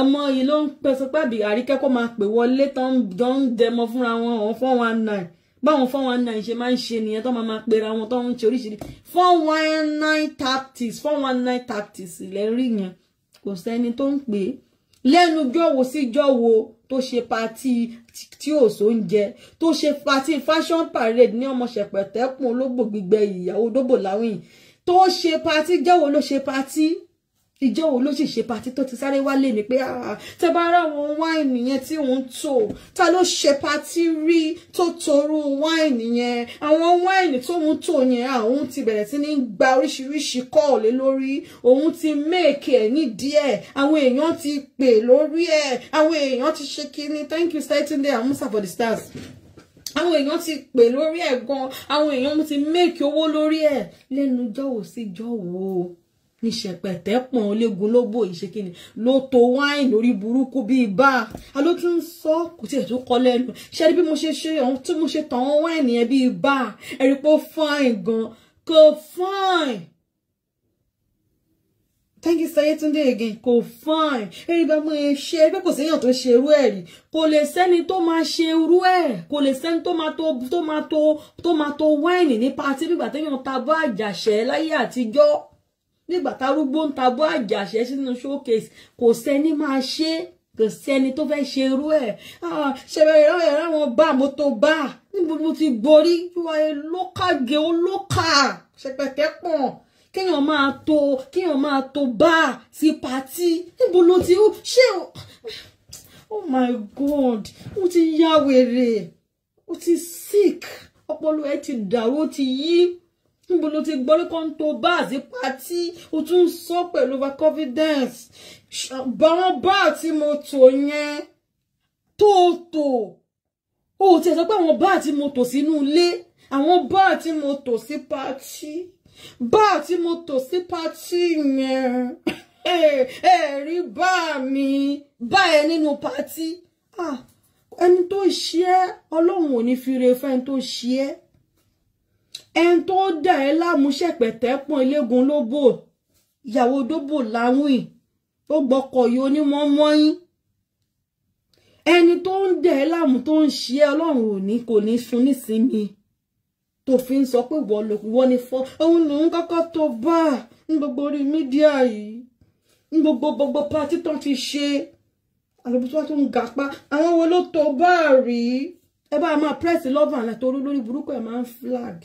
ọmọ yìí ló ń pẹ̀sọ́ pàbí àríkẹ́ kó máa pè wọlé tán jọ ń dẹmọ fúnra wọn ọ̀hún four one nine báwọn four one nine ṣe máa ń ṣe nìyẹn tó máa máa pera wọn tó ń ṣe oríṣiríṣi four one nine tactics four one nine tactics lẹ́ rí yẹn kò sẹ́ni tó ń pè é lẹ́nu jọ̀wọ́ sí jọ̀wọ́ tó ṣe patí tí ò sóúnjẹ tó ṣe pati fashion parade ní ọmọ ṣẹpẹtẹkùn ológbò gbígbẹ ìyàwó dóbò láwìn tó ṣe pati jẹ́wọ́ ló ṣe pati ìjọ wo ló sì ṣe patí tó ti sáré wálé ni pé ah, tẹ bá rà wọn wáìnì yẹn tí òun tò ta ló ṣe patí rí tó torú wáìnì yẹn àwọn wáìnì tóun tò yẹn àwọn ti bẹ̀rẹ̀ sí ní gba oríṣiríṣi kọ́ọ̀lé lórí òun ti méèkì ẹ̀ ní díẹ̀ àwọn èèyàn ti pè lórí ẹ̀ àwọn èèyàn ti ṣe kíní thank you starting amusa for the stars àwọn èèyàn ti pè lórí ẹ̀ gan àwọn èèyàn ti méèkì owó lórí ẹ̀ lẹ́nu jọ̀wọ́ sí jọ̀wọ́ ní ṣẹpẹtẹ pọn olégun lóbò ìṣekínni ló to wáìn lórí burúkú bíi bá a ló tún sọ kò tiẹ̀ tó kọ lẹ́nu ṣe bí mo ṣe ṣe ohun tí mo ṣe tàn án wáìn yẹn bíi bá ẹ̀rí pé ó fáìn gan kò fáìn thank you Sayetunde again kò fine ẹni bá mọ ṣe ẹgbẹ́ kò séèyàn tó ṣe irú ẹ̀ rí kò lè sẹ́ni tó máa ṣe irú ẹ̀ kò lè sẹ́ni tó máa tó tó máa tó tó máa tó wáìnì ní pátì nígbà téèyàn ta bá àjàṣẹ́ láyé àtijọ́ nígbà tarúgbó ń ta bó sínú showcase kò sẹ́ni máa ṣe kò sẹ́ni tó fẹ́ ṣe irú ẹ̀ ṣẹlẹ̀ ìrọ̀ ẹ̀rọ bá mo tó bá níbo mo ti borí wà á lókà gé ó lókà ṣẹpẹtẹ pọ̀n kéèyàn máa tó kéèyàn máa tó bá sí pàtí níbo ló ti ṣe oh my god ó ti ya wèrè ó ti sick ọpọlọ ẹ ti dàrú ó ti yí níbo ló ti gbọ́ lóko ń to báàsì patí o tún ń sọ pẹ̀lú over confidence báwọn báà tí mo tò yẹn tó tò o ò tiẹ̀ sọ pé àwọn báà tí mo tò sínú ilé àwọn báà tí mo tò sí patí báà tí mo tò sí patí yẹn *laughs* eh, ẹ̀rí báà mi báà ẹ nínú patí ah, ẹni tó ṣe ẹ́ ọlọ́run ò ní fi re fẹ́ni tó ṣe ẹ́ ẹn tó dà ẹ́ lámúṣẹ̀pẹ̀tẹ̀ pọ́n eléegun ló bò ìyàwó dóbò láwìn ó gbọ́kọ̀ yìí onímọ̀ mọ́yín ẹni tó ń dà ẹ́ láàmú tó ń ṣe ẹ́ ọlọ́run ò ní kò ní sun nísinmi tó fi ń sọ pé wọ́n ní fọ́ òun lòun kọ́kọ́ tó bá ní gbogbo orí mídíà yìí ní gbogbo gbogbo pátí tó ń fi ṣe àlùbùsọ tó ń gapá àwọn wo ló tó bá rí ẹ bá máa pírẹ́sì lọ́bàá àlẹ́ torí lórí burúkú ẹ̀ máa ń flag.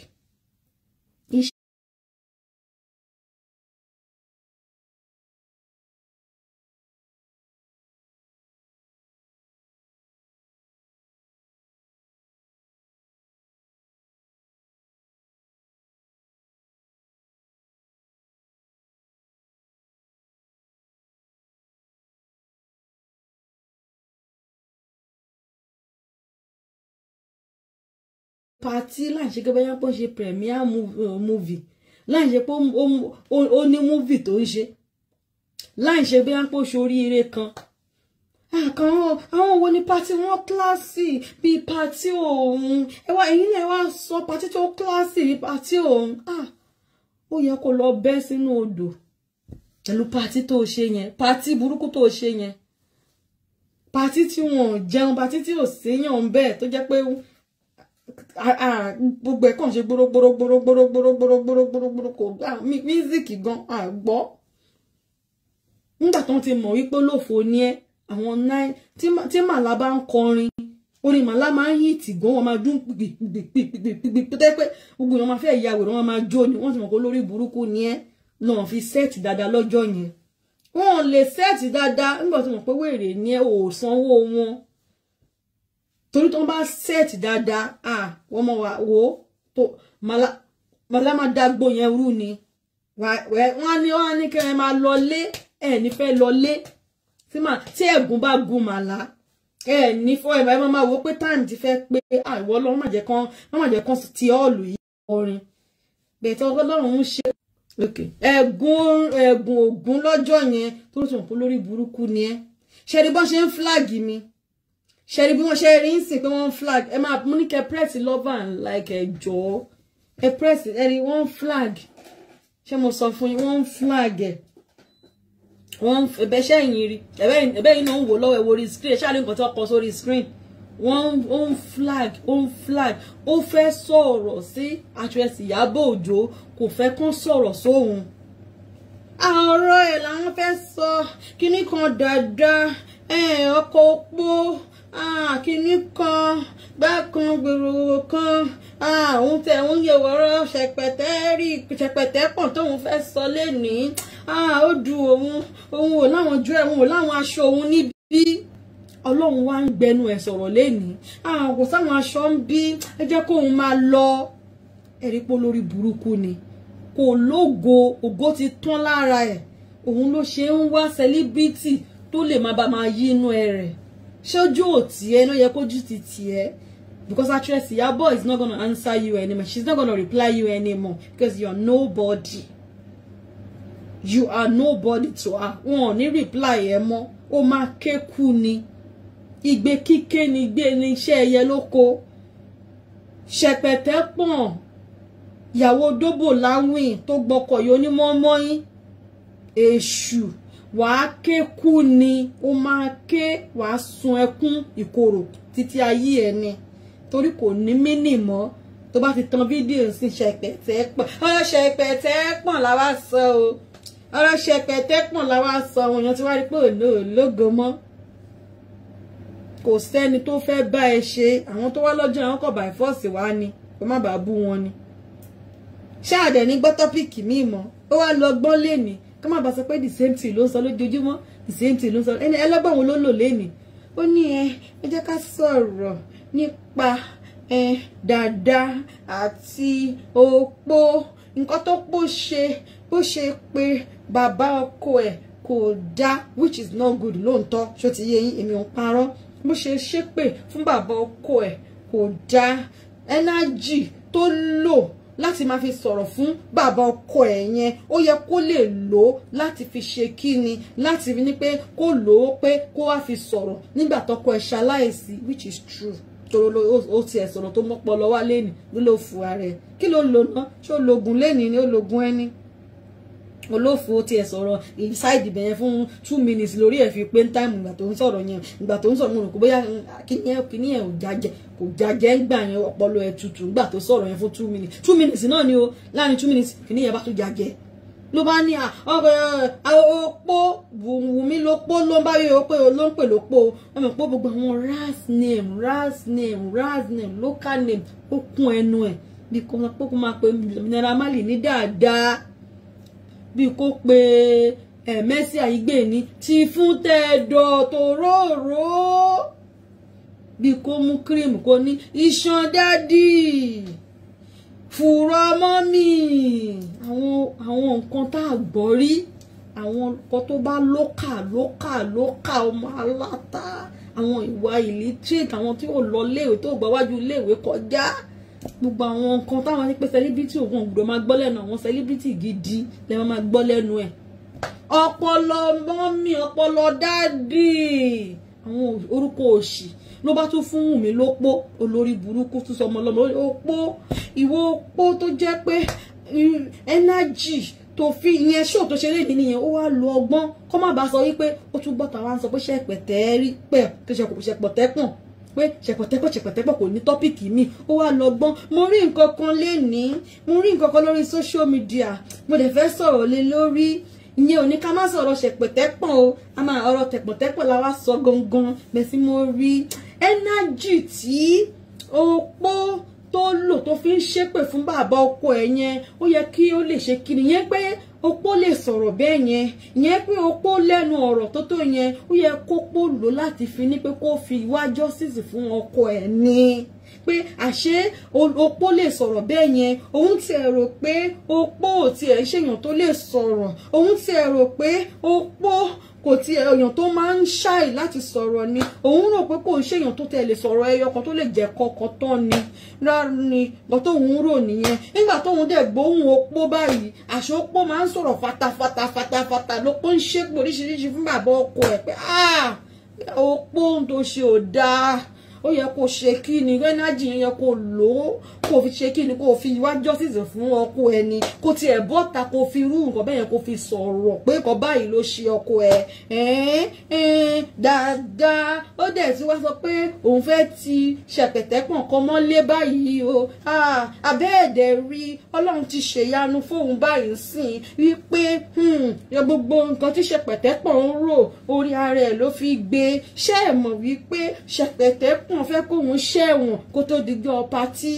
patí láì ṣe gbẹ́bẹ́ yápọ̀ ṣe premier eh, movie láì ṣe pé ó ní movie tó ń ṣe láì ṣe gbẹ́bẹ́ yápọ̀ ṣe oríire kan àkànwọ́ àwọn wo ni patí wọn kíláàsì bíi patí òun ẹwà ẹ̀yin náà wá sọ patí tó kíláàsì bíi patí òun ó yẹ kó lọ bẹ́ sínú odò pẹ̀lú patí tó ṣe yẹn patí burúkú tó ṣe yẹn patí tí wọn ò jẹun patí tí ò séyàn bẹ́ẹ̀ tó jẹ́ pé Ah, ah, gbogbo ẹ̀ kàn ṣe gbórógbórógbórógbórógbórógbórógbórógbóró kò gbà mísíkì gan àgbọ́ nígbà tó ń ti mọ̀ wípé lófo ni ẹ́ àwọn nine tí màlá bá ń kọrin orin màlá máa ń yí ìtì gan wọn máa dún gbìgbìgbìgbìgbì pété pé gbogbo èèyàn máa fẹ́ ya wèrè wọn máa jó ni wọ́n ti mọ̀ pé lórí burúkú ni ẹ́ lọ́n fi sẹ́ẹ̀tì dáadáa lọ́jọ́ yẹn wọ́n lè sẹ́ẹ̀tì dáadáa nígbà tó mọ̀ pé wèrè ni ẹ́ ò sanwó wọn torí tó ń bá set dáadáa ah wọ́n mọ̀ wá wo tó màlá máa dágbó yẹn rú ni wọ́n ní wọ́n ní kí ẹ máa lọlé ẹ ní fẹ́ lọlé tí ẹ̀gún bá gun màlá ẹ ní fọ́ ẹ̀ máa máa wo pé time ti fẹ́ pé àìwọ́ ọlọ́run má jẹ́ kán má jẹ́ kán ti ọ́ọ̀lù yìí orin bẹ̀tẹ̀ ọlọ́run ń ṣe ẹ̀gún ẹ̀gún ògún lọ́jọ́ yẹn tó sùn kó lórí burúkú ni ẹ ṣe ni bọ́n ṣe ń flag mi ṣẹ́rí bí wọ́n ṣe rí ń sìn pé wọ́n flag ẹ máa mú ní kẹ press lover and like ẹ jọ̀ọ́ ẹ press ẹ rí wọ́n flag ṣé mo sọ fún yín wọ́n flag ẹ̀ wọ́n ẹ̀bẹ̀ ṣẹ́ yín rí ẹ̀bẹ̀ yín náà ń wò lọ́wọ́ ẹ̀ wo screen ẹ̀ ṣáà ní nǹkan tó kọ sórí screen wọ́n ń flag ó ń flag ó fẹ́ sọ̀rọ̀ sí actress Ìyábọ̀ Òjó kò fẹ́ kán sọ̀rọ̀ sóhun ọ̀rọ̀ ẹ̀ làwọn fẹ́ sọ kíní kan dáadáa ẹ̀ ọkọ̀ opó Ah, kínní kan bákan gbèrò kan ah, òun tẹ òun yẹ wọ́rọ́ ṣẹpẹtẹ rí ṣẹpẹtẹ pọ̀n tóun fẹ́ sọ lénìí ah, ó du òun òun ò láwọn ju ẹ̀wọ̀n ò láwọn aṣọ òun níbí ọlọ́run wá ń gbẹnu ẹ̀ sọ̀rọ̀ lénìí kò sáwọn aṣọ ń bí ẹ jẹ́ kóun máa lọ ẹ̀rí pé olórí burúkú ni kò lógo ògo ti tán lára ẹ̀ òun ló ṣe ń wá sẹ́líbítì tó lè má ba máa yínú ẹ̀ rẹ̀ ṣé ojú ò tiẹ̀ ló yẹ kójú ti tiẹ̀ because actress boy is not gonna answer you anymore she's not gonna reply you anymore because you are nobody you are nobody to her wọn ò ní reply ẹ mọ́ ó máa ké kú ni igbe kíké ni gbé ni iṣẹ́ ẹyẹ lóko ṣẹpẹtẹ pọ̀n ìyàwó dóbò láwìn tó gbọkọ̀ yóò ní mọ́mọ́yín èṣù. E wàá ké kú ni ó máa ké wàá sun ẹkún ìkorò títí ayé ni torí kò ní mínì mọ́ tó bá ti tan fídíò sí ṣẹpẹtẹ pọn ọ̀rọ̀ ṣẹpẹtẹ pọn la wá sọ o ọ̀rọ̀ ṣẹpẹtẹ pọn la wá sọ àwọn èèyàn tí wàá rí pé òun ò lógo mọ́ kò sẹ́ni tó fẹ́ bá ẹ ṣe àwọn tó wá lọ́jọ́ àwọn kọ̀ báyìí fọ́ọ̀sì wá ni kó má bàa bú wọn ni ṣáàdẹ̀ ní gbọ́ tọ́pìkì míì mọ́ ó wá lọ gbọ́n lé ní ká má bàa sọ pé the same thing ló ń sọ lójoojúmọ́ the same thing ló ń sọ ẹni ẹlẹ́gbọ̀n wo ló lò lénìí ó ní ẹ ẹ jẹ́ ká sọ̀rọ̀ nípa ẹ dàda àti opó nǹkan tó pọ̀ ṣe bó ṣe pé bàbá ọkọ ẹ̀ kò dá which is not good lóòótọ́ ṣó ti yé yín èmi ò parọ́ bó ṣe ṣépè fún bàbá ọkọ ẹ̀ kò dá energy tó lò láti máa fi sọ̀rọ̀ fún bàbá ọkọ ẹ̀ yẹn ó yẹ kó lè lò ó láti fi ṣe kíni láti ní pé kó lò ó pé kó wá fi sọ̀rọ̀ nígbà tọkọ ẹ̀ ṣaláìsí which is true toro lo o tiẹ̀ sọ̀rọ̀ tó mọ́pọ̀ lọ́wọ́ lẹ́nu ló lò fún ara ẹ̀ kí ló lò ná ṣé ó lo oògùn ni ó lo ẹni olófo tiẹ̀ sọ̀rọ̀ ṣáìdì bẹ̀yẹn fún two minutes lórí ẹ̀ fi pé ń táìmù ìgbà tó ń sọ̀rọ̀ yẹn ìgbà tó ń sọ̀rọ̀ mo rò pé bóyá ah, kíní ẹ̀ ò jajẹ kò jajẹ ń gbà yẹn ọpọlọ ẹ̀ tutù ńgbà tó sọ̀rọ̀ yẹn fún two minutes two minutes náà ni o láàrin two minutes kíní yẹn bá tún jajẹ ló bá ní ah, ọ̀pọ̀ ah, Wùmí ló pọ̀ ló ń bá yóò pé ló ń pè ló pọ̀ ẹ mọ̀ pé gbogbo àwọn ras name ras name ras name local name ó kún ẹnu ẹ̀ bí kò máa pé Naira Marley ní dáadáa bíi kó pe Mercy Aigbe ní ti fún tẹ̀dọ̀ tòróró bíi kó mú kírìmù kó ní iṣan dádì fùrọ̀ mọ́mì àwọn àwọn nǹkan tá a gbọ́ rí àwọn nǹkan tó bá lókà lókà lókà ọmọ aláta àwọn ìwà illiterate àwọn tí ò lọ léèwé tó gbà wájú léèwé kọjá gbogbo àwọn nǹkan táwọn ní pé celebrity òun ògbòdò máa gbọ́ lẹ́nu àwọn celebrity gidi lẹ máa gbọ́ lẹ́nu ẹ̀ ọpọlọ mọ́mí ọpọlọ dáàdì àwọn orúkọ òṣì ló bá tún fún Wùmí lópó olórí burúkú tún sọmọ lọmọ opó ìwọ opó tó jẹ́ pé ẹnájì mm, tó fi ìyẹn ṣó tó ṣe léde nìyẹn ó wá lo ọgbọ́n kó má bàa sọ wípé ó tún gbọ́ta wá ń sọ pé ṣe pẹ̀tẹ́ rí pẹ̀ tó ṣe kò ṣe pé ṣẹ̀pẹ̀tẹ̀pẹ̀ ṣẹ̀pẹ̀tẹ̀pẹ̀ kò ní tọ́pìkì mi ó wá lọ gbọ́n mo rí nǹkan kan lénìí mo rí nǹkan kan lórí social media mo dẹ̀ fẹ́ sọ̀rọ̀ lé lórí ìyẹn ò ní ká má sọ̀rọ̀ ṣẹ̀pẹ̀tẹ̀pọ̀ o a máa ọ̀rọ̀ tẹ̀pọ̀tẹ̀pọ̀ la wá sọ gangan bẹ́ẹ̀ sì mo rí ẹ́nájì tí opó tó lò tó fi ń ṣépè fún bàbá ọkọ ẹ̀ yẹn ó yẹ kí ó lè ṣe kí nìyẹn pé opó lè sọ̀rọ̀ bẹ́ẹ̀ yẹn yẹn pé opó lẹ́nu ọ̀rọ̀ tó tó yẹn ó yẹ kópó lò láti fi ní pé kó fi wá justice fún ọkọ ẹ̀ ní pé àṣé opó lè sọ̀rọ̀ bẹ́ẹ̀ yẹn òun ti ẹ̀ rò pé opó ò tiẹ̀ ń ṣèyàn tó lè sọ̀rọ̀ òun ti ẹ̀ rò pé opó kò ti èèyàn tó máa ń ṣàì láti sọ̀rọ̀ ni òun rò pé kò ń ṣèyàn tó tẹ̀lé sọ̀rọ̀ ẹyọ kan tó lè jẹ́ kọkàn tán ni rárá ni nǹkan tóun rò nìyẹn nígbà tóun dẹ̀ gbóhùn opó báyìí àṣọ opó máa ń sọ̀rọ̀ fatafata fatafata ló pọ́ ń ṣépò oríṣiríṣi fún bàbá ọkọ ẹ̀ pé ah, opó ń tó ṣe ò dáa ó yẹ kó ṣe kí ni ẹnájì yẹn yẹ kó lò ó kó fi ṣe kí ni kó fi wá justice fún ọkọ ẹni kó tiẹ̀ bọ́ta kó fi rú nǹkan bẹ́ẹ̀ yẹn kó fi sọ̀rọ̀ pé kò báyìí ló ṣe ọkọ ẹ dáadáa ó dẹ̀ tí wá sọ pé òun fẹ́ ti ṣẹ̀pẹ̀tẹ̀ pọ̀n kan mọ́lé báyìí o abẹ́ẹ̀dẹ̀ rí ọlọ́run ti ṣèyanu fóun báyìí sìn wípé hmm, gbogbo nǹkan tí ṣẹ̀pẹ̀tẹ̀ pọ̀n ń rò orí ara ẹ̀ ló fi gbé ṣé wípé ṣẹ̀pẹ̀tẹ̀ pọ̀n pọ́n fẹ́ kóun ṣẹ̀wọ̀n kó tó digbọ́ patí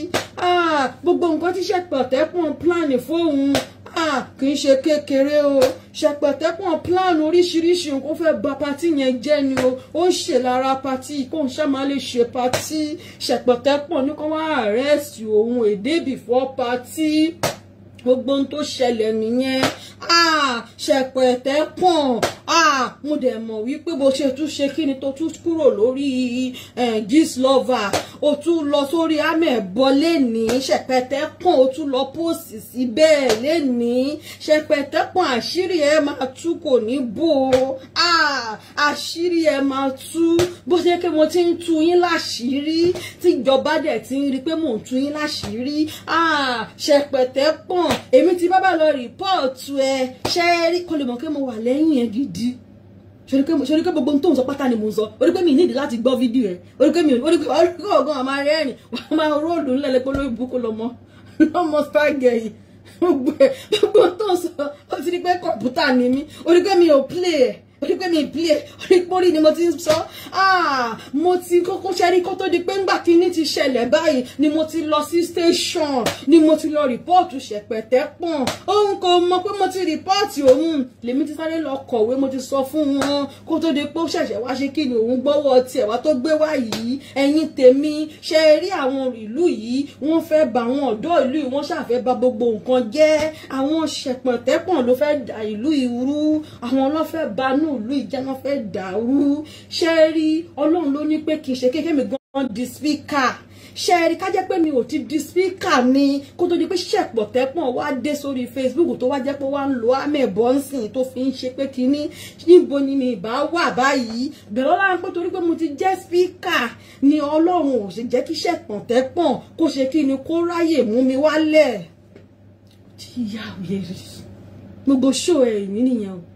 ah, gbogbo nǹkan tí ṣẹ̀pẹ̀tẹ̀ pọ́n plan fóun ah, kì í ṣe kékeré o ṣẹ̀pẹ̀tẹ̀ pọ́n plan oríṣiríṣi nǹkan fẹ́ ba patí yẹn jẹ́ ni o ó ṣe lára patí kó n ṣá máa lè ṣe patí ṣẹ̀pẹ̀tẹ̀ pọ́n ní kó wá arrest òun èdè before patí gbogbo ohun tó ṣẹlẹ̀ nìyẹn ah, ṣẹpẹtẹ pọ̀n ah, mo dẹ̀ mọ̀ wípé bó ṣe tún ṣe kí ni tó tún kúrò lórí eh, gist lover o tún lọ sórí amẹ̀bọ lénìí ṣẹpẹtẹ pọ̀n o tún lọ póòsì sí bẹ́ẹ̀ lénìí ṣẹpẹtẹ pọ̀n àṣírí ẹ máa tú kò ní bò ó ah, àṣírí ẹ máa tú bó ṣe pé mo ti ń tú yín láṣìírí tíjọba dẹ̀ ti ń rí i pé mò ń tú yín láṣìírí ṣẹpẹtẹ pọ̀n náà èmi ti bábà lọ rìpọ́ọ̀tù ẹ ṣe é rí kó lè mọ̀ pé mo wà lẹ́yìn ẹ gidi ṣorí pé gbogbo ohun tó sọ pátá ni mo ń sọ orí pé mi nídìí láti gbọ́ fídíò ẹ orí pé mi orí pé ọgán àmà rẹ́rìn wà á máa róòlù ńlẹ̀ lẹ́pẹ́ lórí ibùkú lọ́mọ lọ́mọ *laughs* spagẹ̀ *laughs* gbogbo ohun sọ ó ti rí pé kọ̀ǹpútà ni mí orí pé mi ò play ẹ̀ orí pé mi ìbílẹ̀ orí pórí ni mo ti sọ ah, mo ti kókó ṣẹ́rí kó tó di pé ńgbà kíní ti ṣẹlẹ̀ báyìí ni mo ti lọ sí station ni mo ti lọ rìpọ́ọ̀tù ṣẹ̀pẹ̀tẹ̀ pọ̀n òun kò mọ pé mo ti rìpọ́ọ̀tì òun lèmi ti sáré lọ kọ̀wé mo ti sọ fún wọn kó tó di pé ó ṣẹ̀ṣẹ̀ wá ṣe kí ni òun gbọ́wọ́ tiẹ̀ wá tó gbé wá yìí ẹ̀yin tèmi ṣe rí àwọn ìlú yìí wọ́n fẹ́ bà àwọn ọ̀dọ́ ìlú yìí wọ́n ṣàfẹ́ bà gbogbo nǹkan jẹ́ àwọn ṣẹ̀pẹ̀tẹ̀ pọ̀n ló fẹ́ dà ìlú ìrú àwọn ọlọ́fẹ́ banú ìlú ìjáná fẹ́ dàrú ṣe rí ọlọ́run ló ní pé kì í ṣe kékeré mi gan di spíkà ṣe rí ká jẹ́ pé mi ò ti di spíkà ni kó tó di pé ṣẹ̀pọ̀ tẹ́pọ̀ wá dé sórí Facebook tó wá jẹ́ pé wá ń lo amẹ̀bọ̀ ńsìn tó fi ń ṣe pé kínní níbo ni mi ìbá wà báyìí bẹ̀rẹ̀ ọlọ́run pé torí pé mo ti jẹ́ spíkà ni ọlọ́run ò ṣe jẹ́ kí ṣẹ̀pọ̀ tẹ́pọ̀ kó ṣe kí ni kó ráyè mú mi wálẹ̀. ìyá òye rí gbogbo ṣó ẹ̀yìn nìyẹn o